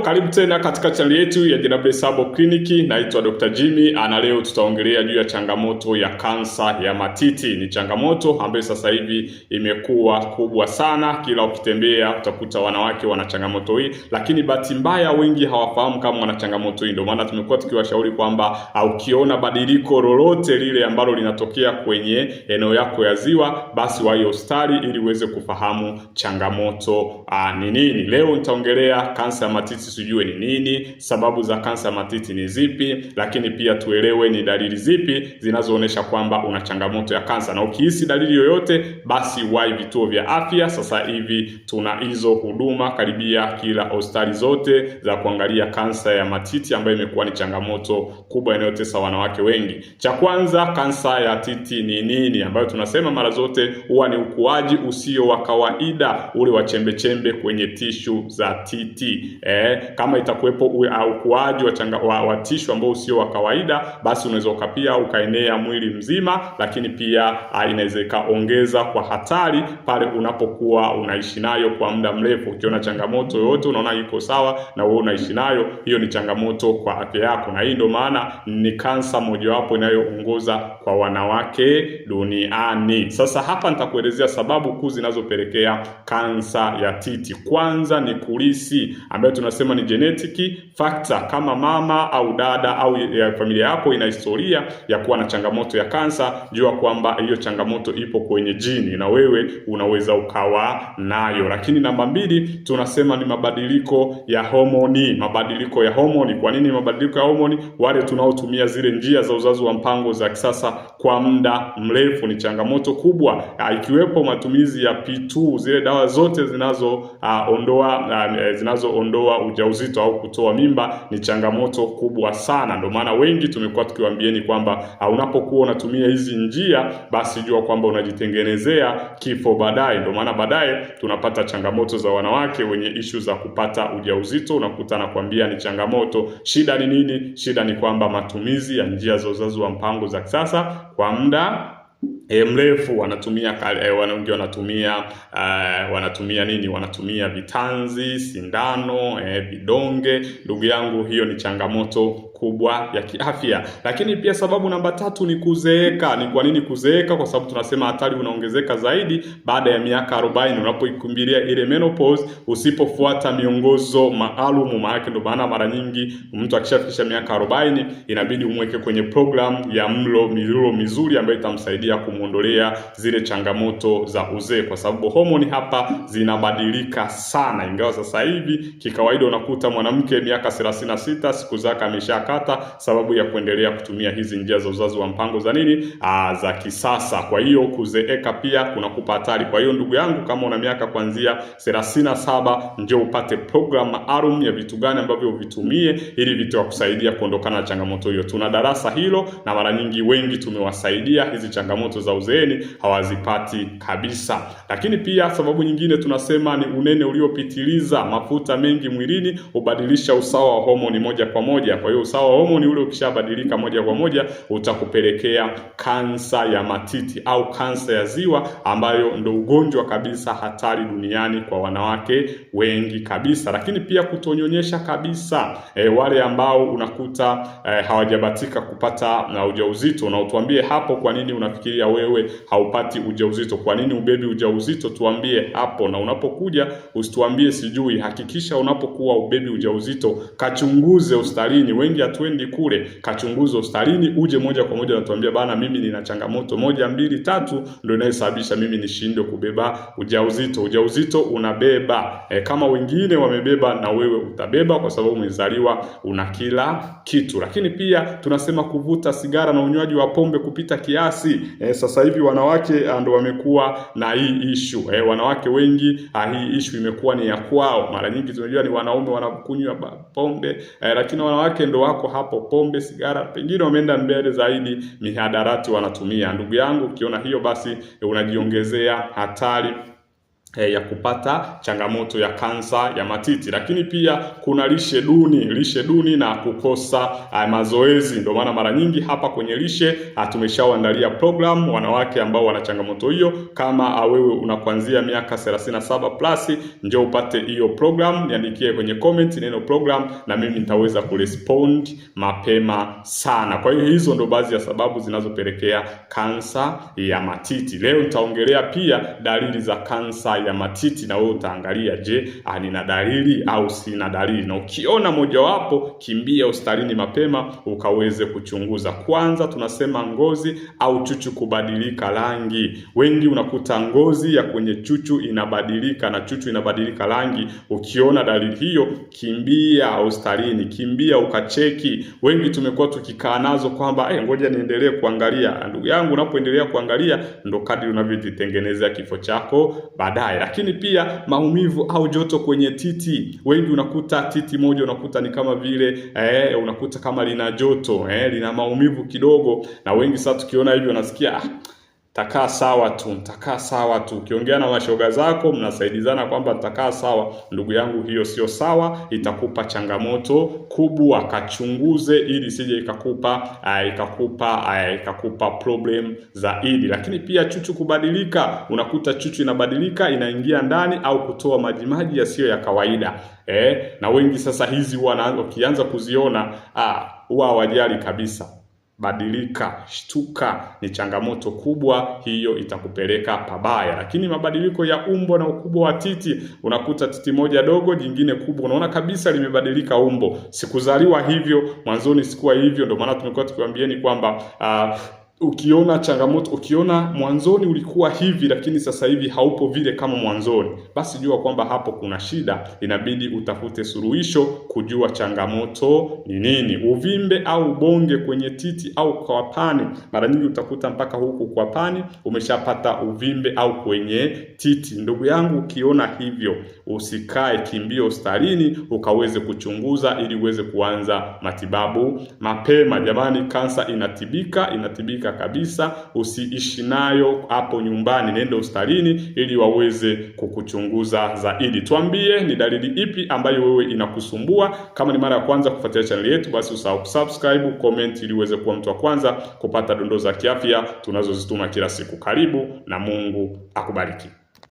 Karibu tena katika chaneli yetu ya JW Sabo Clinic. Naitwa Dr. Jimmy, na leo tutaongelea juu ya changamoto ya kansa ya matiti. Ni changamoto ambayo sasa hivi imekuwa kubwa sana, kila ukitembea utakuta wanawake wana changamoto hii, lakini bahati mbaya wengi hawafahamu kama wana changamoto hii. Ndio maana tumekuwa tukiwashauri kwamba ah, ukiona badiliko lolote lile ambalo linatokea kwenye eneo yako ya ziwa, basi wahi hospitali ili uweze kufahamu changamoto ah, ni nini. Leo nitaongelea kansa ya matiti matiti tujue ni nini, sababu za kansa ya matiti ni zipi, lakini pia tuelewe ni dalili zipi zinazoonyesha kwamba una changamoto ya kansa, na ukihisi dalili yoyote, basi wahi vituo vya afya. Sasa hivi tuna hizo huduma karibia kila hospitali zote za kuangalia kansa ya matiti ambayo imekuwa ni changamoto kubwa inayotesa wanawake wengi. Cha kwanza, kansa ya titi ni nini, ambayo tunasema mara zote huwa ni ukuaji usio wa kawaida ule wa chembechembe kwenye tishu za titi eh kama itakuwepo ukuaji uh, wa, wa tishu ambao usio wa kawaida, basi unaweza ukapia ukaenea mwili mzima, lakini pia uh, inaweza ikaongeza kwa hatari pale unapokuwa unaishi nayo kwa muda mrefu. Ukiona changamoto yoyote unaona iko sawa na wewe unaishi nayo, hiyo ni changamoto kwa afya yako, na hii ndio maana ni kansa mojawapo inayoongoza kwa wanawake duniani. Sasa hapa nitakuelezea sababu kuu zinazopelekea kansa ya titi. Kwanza ni kulisi ambayo tunasema tunasema ni genetic factor. Kama mama au dada au ya familia yako ina historia ya kuwa na changamoto ya kansa, jua kwamba hiyo changamoto ipo kwenye jini na wewe unaweza ukawa nayo. Lakini namba mbili tunasema ni mabadiliko ya homoni. Mabadiliko ya homoni. Kwa nini mabadiliko ya homoni? Wale tunaotumia zile njia za uzazi wa mpango za kisasa kwa muda mrefu ni changamoto kubwa, ah, ikiwepo matumizi ya P2, zile dawa zote zinazoondoa ah, uh, ah, uh, eh, zinazoondoa ujauzito au kutoa mimba ni changamoto kubwa sana. Ndio maana wengi tumekuwa tukiwaambieni kwamba ah, unapokuwa unatumia hizi njia, basi jua kwamba unajitengenezea kifo baadaye. Ndio maana baadaye tunapata changamoto za wanawake wenye ishu za kupata ujauzito, unakuta nakwambia ni changamoto. Shida ni nini? Shida ni kwamba matumizi ya njia za uzazi wa mpango za kisasa kwa muda e, mrefu wanatumia e, wengi wanatumia e, wanatumia nini? Wanatumia vitanzi, sindano, e, vidonge. Ndugu yangu, hiyo ni changamoto kubwa ya kiafya. Lakini pia sababu namba tatu ni kuzeeka. Ni kwa nini kuzeeka? Kwa sababu tunasema hatari unaongezeka zaidi baada ya miaka 40 unapoikimbilia ile menopause, usipofuata miongozo maalum. Maana ndio maana mara nyingi mtu akishafikisha miaka 40 inabidi umweke kwenye program ya mlo milo mizuri ambayo itamsaidia kumwondolea zile changamoto za uzee, kwa sababu homoni hapa zinabadilika sana, ingawa sasa hivi kikawaida unakuta mwanamke miaka 36 siku zake ameshaka kata sababu ya kuendelea kutumia hizi njia za uzazi wa mpango za nini aa, ah, za kisasa. Kwa hiyo kuzeeka pia kunakupa hatari. Kwa hiyo ndugu yangu, kama una miaka kuanzia 37 na upate program maalum ya vitu gani ambavyo uvitumie ili vitakusaidia kuondokana na changamoto hiyo. Tuna darasa hilo na mara nyingi wengi tumewasaidia, hizi changamoto za uzeeni hawazipati kabisa. Lakini pia sababu nyingine tunasema ni unene uliopitiliza, mafuta mengi mwilini hubadilisha usawa wa homoni moja kwa moja, kwa hiyo usawa usawa wa homoni ule ukishabadilika moja kwa moja utakupelekea kansa ya matiti au kansa ya ziwa, ambayo ndo ugonjwa kabisa hatari duniani kwa wanawake wengi kabisa. Lakini pia kutonyonyesha kabisa, e, wale ambao unakuta e, hawajabatika kupata na ujauzito, na utuambie hapo, kwa nini unafikiria wewe haupati ujauzito? Kwa nini ubebi ujauzito? Tuambie hapo, na unapokuja usituambie sijui. Hakikisha unapokuwa ubebi ujauzito, kachunguze hospitalini wengi kuja twende kule kachunguze hospitalini, uje moja kwa moja natuambia bana, mimi nina changamoto moja mbili tatu, ndio inayosababisha mimi nishindwe kubeba ujauzito. Ujauzito unabeba e, kama wengine wamebeba na wewe utabeba, kwa sababu umezaliwa una kila kitu. Lakini pia tunasema kuvuta sigara na unywaji wa pombe kupita kiasi. E, sasa hivi wanawake ah, ndio wamekuwa na hii ishu e, wanawake wengi ah, hii ishu imekuwa ni ya kwao. Mara nyingi tunajua ni wanaume wanakunywa pombe e, lakini wanawake ndio wako hapo, pombe, sigara, pengine wameenda mbele zaidi, mihadarati wanatumia. Ndugu yangu, ukiona hiyo basi unajiongezea hatari Eh, ya kupata changamoto ya kansa ya matiti, lakini pia kuna lishe duni, lishe duni na kukosa uh, mazoezi. Ndio maana mara nyingi hapa kwenye lishe uh, eh, tumeshaandalia program wanawake ambao wana changamoto hiyo. Kama uh, wewe una kuanzia miaka 37 plus, njoo upate hiyo program, niandikie kwenye comment neno program, na mimi nitaweza kurespond mapema sana. Kwa hiyo hizo ndio baadhi ya sababu zinazopelekea kansa ya matiti. Leo nitaongelea pia dalili za kansa ya matiti, na wewe utaangalia, je, nina dalili au sina dalili? Na ukiona mojawapo, kimbia hospitalini mapema ukaweze kuchunguza. Kwanza tunasema ngozi au chuchu kubadilika rangi. Wengi unakuta ngozi ya kwenye chuchu inabadilika na chuchu inabadilika rangi. Ukiona dalili hiyo, kimbia hospitalini, kimbia ukacheki. Wengi tumekuwa tukikaa nazo kwamba eh, ngoja niendelee kuangalia. Ndugu yangu, unapoendelea kuangalia ndo kadri unavyojitengenezea kifo chako baadaye baadaye. Lakini pia maumivu au joto kwenye titi, wengi unakuta titi moja unakuta ni kama vile eh, unakuta kama lina joto eh, lina maumivu kidogo, na wengi sasa tukiona hivyo nasikia ah, takaa sawa tu, takaa sawa tu. Ukiongea na mashoga zako mnasaidizana kwamba takaa sawa, ndugu yangu, hiyo sio sawa, itakupa changamoto kubwa. Kachunguze ili sije ikakupa uh, ikakupa uh, ikakupa problem zaidi. Lakini pia chuchu kubadilika, unakuta chuchu inabadilika inaingia ndani au kutoa majimaji yasiyo ya kawaida eh, na wengi sasa hizi wana ukianza kuziona ah, huwa hawajali kabisa badilika, shtuka. Ni changamoto kubwa hiyo, itakupeleka pabaya. Lakini mabadiliko ya umbo na ukubwa wa titi, unakuta titi moja dogo, jingine kubwa, unaona kabisa limebadilika umbo. Sikuzaliwa hivyo, mwanzoni sikuwa hivyo. Ndio maana tumekuwa tukiwaambieni kwamba uh, ukiona changamoto, ukiona mwanzoni ulikuwa hivi lakini sasa hivi haupo vile kama mwanzoni, basi jua kwamba hapo kuna shida, inabidi utafute suluhisho, kujua changamoto ni nini. Uvimbe au bonge kwenye titi au kwapani, mara nyingi utakuta mpaka huku kwapani umeshapata uvimbe au kwenye titi. Ndugu yangu, ukiona hivyo usikae, kimbio hospitalini ukaweze kuchunguza ili uweze kuanza matibabu mapema. Jamani, kansa inatibika, inatibika kabisa, usiishi nayo hapo nyumbani, nenda hospitalini ili waweze kukuchunguza zaidi. Tuambie ni dalili ipi ambayo wewe inakusumbua. Kama ni mara ya kwanza kufuatilia chaneli yetu, basi usahau kusubscribe, comment ili uweze kuwa mtu wa kwanza kupata dondoo za kiafya tunazozituma kila siku. Karibu na Mungu akubariki.